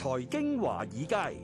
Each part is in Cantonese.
財經華爾街，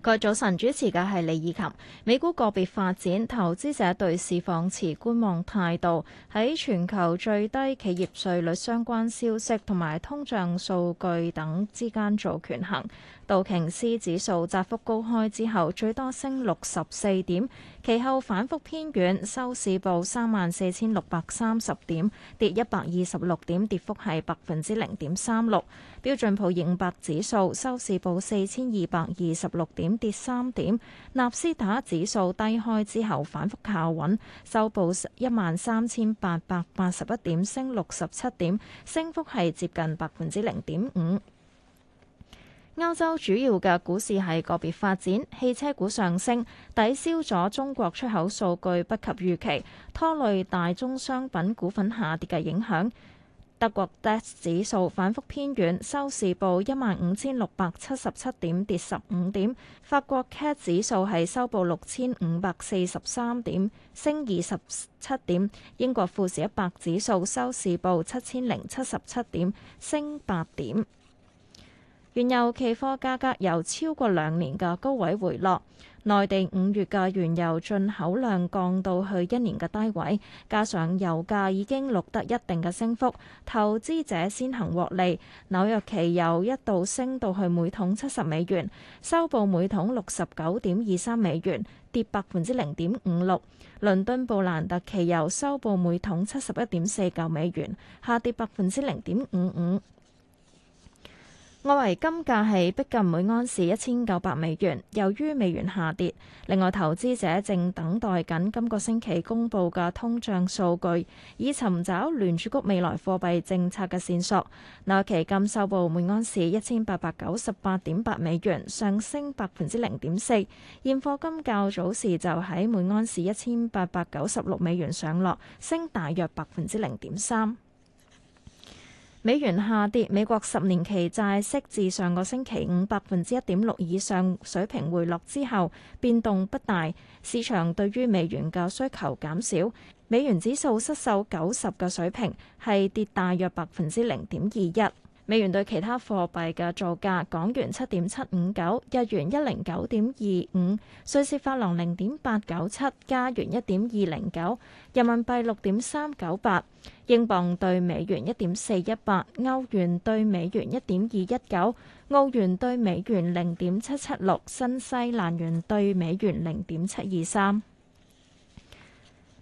各位早晨，主持嘅係李以琴。美股個別發展，投資者對市況持觀望態度，喺全球最低企業稅率相關消息同埋通脹數據等之間做權衡。道瓊斯指數窄幅高開之後，最多升六十四點。其後反覆偏軟，收市報三萬四千六百三十點，跌一百二十六點，跌幅係百分之零點三六。標準普爾五百指數收市報四千二百二十六點，跌三點。納斯達指數低開之後反覆靠穩，收報一萬三千八百八十一點，升六十七點，升幅係接近百分之零點五。歐洲主要嘅股市係個別發展，汽車股上升抵消咗中國出口數據不及預期拖累大宗商品股份下跌嘅影響。德國 DAX 指數反覆偏軟，收市報一萬五千六百七十七點，跌十五點。法國 CAC 指數係收報六千五百四十三點，升二十七點。英國富時一百指數收市報七千零七十七點，升八點。原油期貨價格由超過兩年嘅高位回落，內地五月嘅原油進口量降到去一年嘅低位，加上油價已經錄得一定嘅升幅，投資者先行獲利。紐約期油一度升到去每桶七十美元，收報每桶六十九點二三美元，跌百分之零點五六。倫敦布蘭特期油收報每桶七十一點四九美元，下跌百分之零點五五。外圍金價係逼近每盎司一千九百美元，由於美元下跌。另外，投資者正等待緊今個星期公佈嘅通脹數據，以尋找聯儲局未來貨幣政策嘅線索。紐期金收報每盎司一千八百九十八點八美元，上升百分之零點四。現貨金較早時就喺每盎司一千八百九十六美元上落，升大約百分之零點三。美元下跌，美國十年期債息自上個星期五百分之一點六以上水平回落之後變動不大，市場對於美元嘅需求減少，美元指數失守九十嘅水平，係跌大約百分之零點二一。美元對其他貨幣嘅造價：港元七點七五九，日元一零九點二五，瑞士法郎零點八九七，加元一點二零九，人民幣六點三九八，英鎊對美元一點四一八，歐元對美元一點二一九，澳元對美元零點七七六，新西蘭元對美元零點七二三。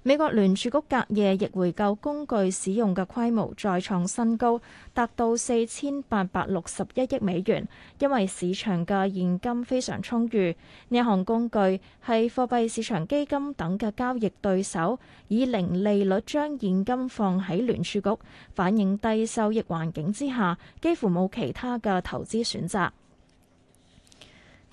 美國聯儲局隔夜逆回購工具使用嘅規模再創新高，達到四千八百六十一億美元，因為市場嘅現金非常充裕。呢項工具係貨幣市場基金等嘅交易對手以零利率將現金放喺聯儲局，反映低收益環境之下幾乎冇其他嘅投資選擇。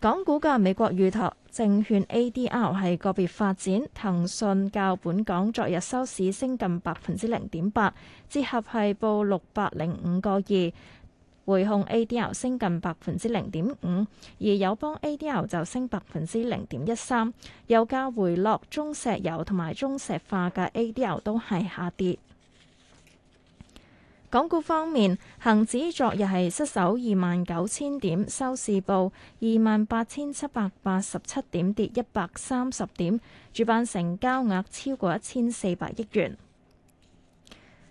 港股嘅美國預託證券 ADR 係個別發展，騰訊較本港昨日收市升近百分之零點八，折合係報六百零五個二，匯控 ADR 升近百分之零點五，而友邦 ADR 就升百分之零點一三，油價回落，中石油同埋中石化嘅 ADR 都係下跌。港股方面，恒指昨日係失守二萬九千點，收市報二萬八千七百八十七點，跌一百三十點。主板成交額超過一千四百億元。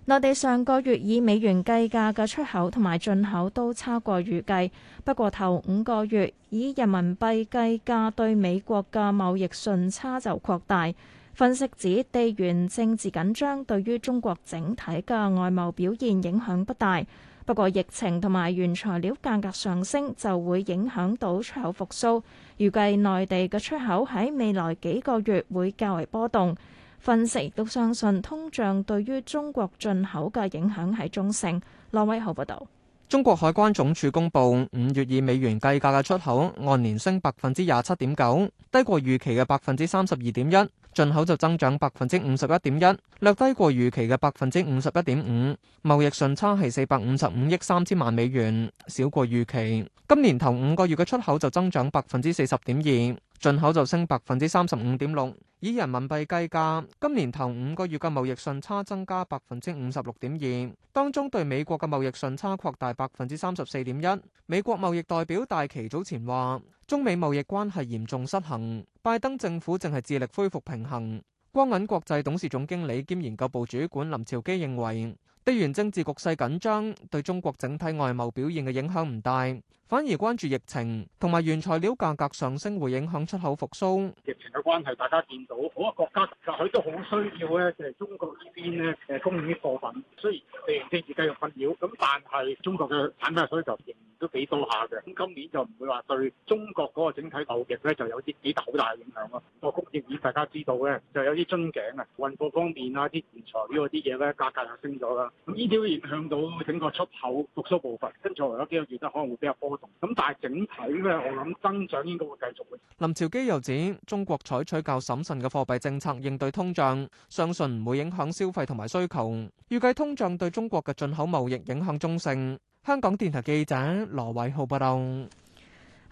內地上個月以美元計價嘅出口同埋進口都差過預計，不過頭五個月以人民幣計價對美國嘅貿易順差就擴大。分析指地緣政治緊張對於中國整體嘅外貿表現影響不大，不過疫情同埋原材料價格上升就會影響到出口復甦。預計內地嘅出口喺未來幾個月會較為波動。分析亦都相信通脹對於中國進口嘅影響係中性。羅威豪報道，中國海關總署公布五月以美元計價嘅出口按年升百分之廿七點九，低過預期嘅百分之三十二點一。進口就增長百分之五十一點一，略低過預期嘅百分之五十一點五。貿易順差係四百五十五億三千萬美元，少過預期。今年頭五個月嘅出口就增長百分之四十點二，進口就升百分之三十五點六。以人民幣計價，今年頭五個月嘅貿易順差增加百分之五十六點二，當中對美國嘅貿易順差擴大百分之三十四點一。美國貿易代表戴琪早前話，中美貿易關係嚴重失衡，拜登政府正係致力恢復平衡。光銀國際董事總經理兼研究部主管林兆基認為。地緣政治局勢緊張對中國整體外貿表現嘅影響唔大，反而關注疫情同埋原材料價格上升會影響出口復甦。疫情嘅關係，大家見到好多國家其實佢都好需要咧，就係中國呢邊呢嘅供應啲貨品，雖然地緣政治繼續困擾，咁但係中國嘅產品啊，所以就仍然都幾多下嘅。咁今年就唔會話對中國嗰個整體貿易咧就有啲幾大好大嘅影響囉。個供應鏈大家知道嘅，就有啲樽頸啊，運貨方面啊，啲原材料嗰啲嘢咧，價格又升咗啦。呢啲會影響到整個出口復甦步伐，跟住我覺得幾個月都可能會比較波動。咁但係整體咧，我諗增長應該會繼續嘅。林朝基又指，中國採取較審慎嘅貨幣政策應對通脹，相信唔會影響消費同埋需求。預計通脹對中國嘅進口貿易影響中性。香港電台記者羅偉浩報道。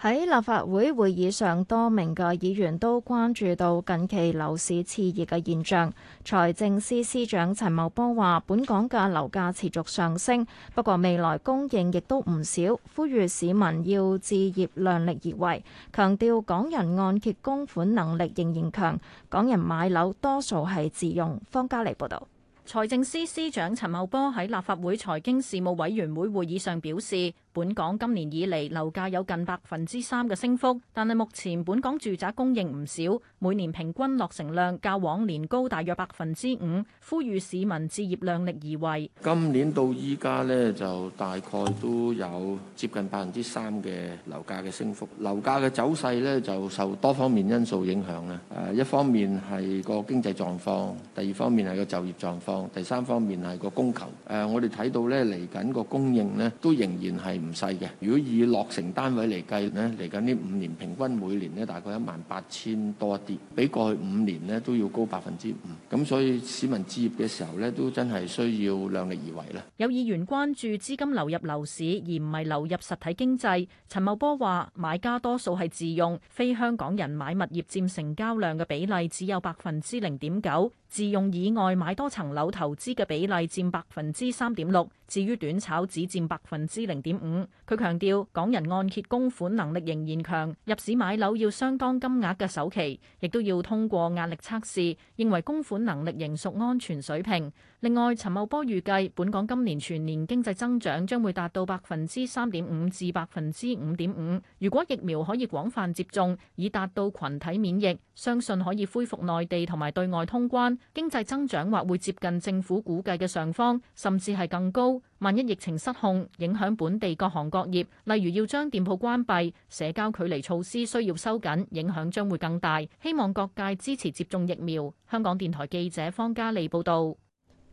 喺立法會會議上，多名嘅議員都關注到近期樓市熾熱嘅現象。財政司司長陳茂波話本港嘅樓價持續上升，不過未來供應亦都唔少，呼籲市民要置業量力而為，強調港人按揭供款能力仍然強，港人買樓多數係自用。方嘉莉報道。財政司司長陳茂波喺立法會財經事務委員會會議上表示。本港今年以嚟樓價有近百分之三嘅升幅，但係目前本港住宅供應唔少，每年平均落成量較往年高大約百分之五，呼籲市民置業量力而為。今年到依家呢，就大概都有接近百分之三嘅樓價嘅升幅，樓價嘅走勢呢，就受多方面因素影響啦。誒，一方面係個經濟狀況，第二方面係個就業狀況，第三方面係個供求。誒，我哋睇到呢，嚟緊個供應呢，都仍然係。唔細嘅。如果以落成單位嚟計咧，嚟緊呢五年平均每年咧大概一萬八千多啲，比過去五年咧都要高百分之五。咁所以市民置業嘅時候咧，都真係需要量力而為啦。有議員關注資金流入樓市而唔係流入實體經濟，陳茂波話：買家多數係自用，非香港人買物業佔成交量嘅比例只有百分之零點九。自用以外買多層樓投資嘅比例佔百分之三點六，至於短炒只佔百分之零點五。佢強調，港人按揭供款能力仍然強，入市買樓要相當金額嘅首期，亦都要通過壓力測試，認為供款能力仍屬安全水平。另外，陳茂波預計本港今年全年經濟增長將會達到百分之三點五至百分之五點五。如果疫苗可以廣泛接種，以達到群體免疫，相信可以恢復內地同埋對外通關，經濟增長或會接近政府估計嘅上方，甚至係更高。萬一疫情失控，影響本地各行各業，例如要將店鋪關閉、社交距離措施需要收緊，影響將會更大。希望各界支持接種疫苗。香港電台記者方嘉莉報導。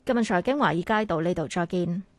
今日財經華爾街到呢度再見。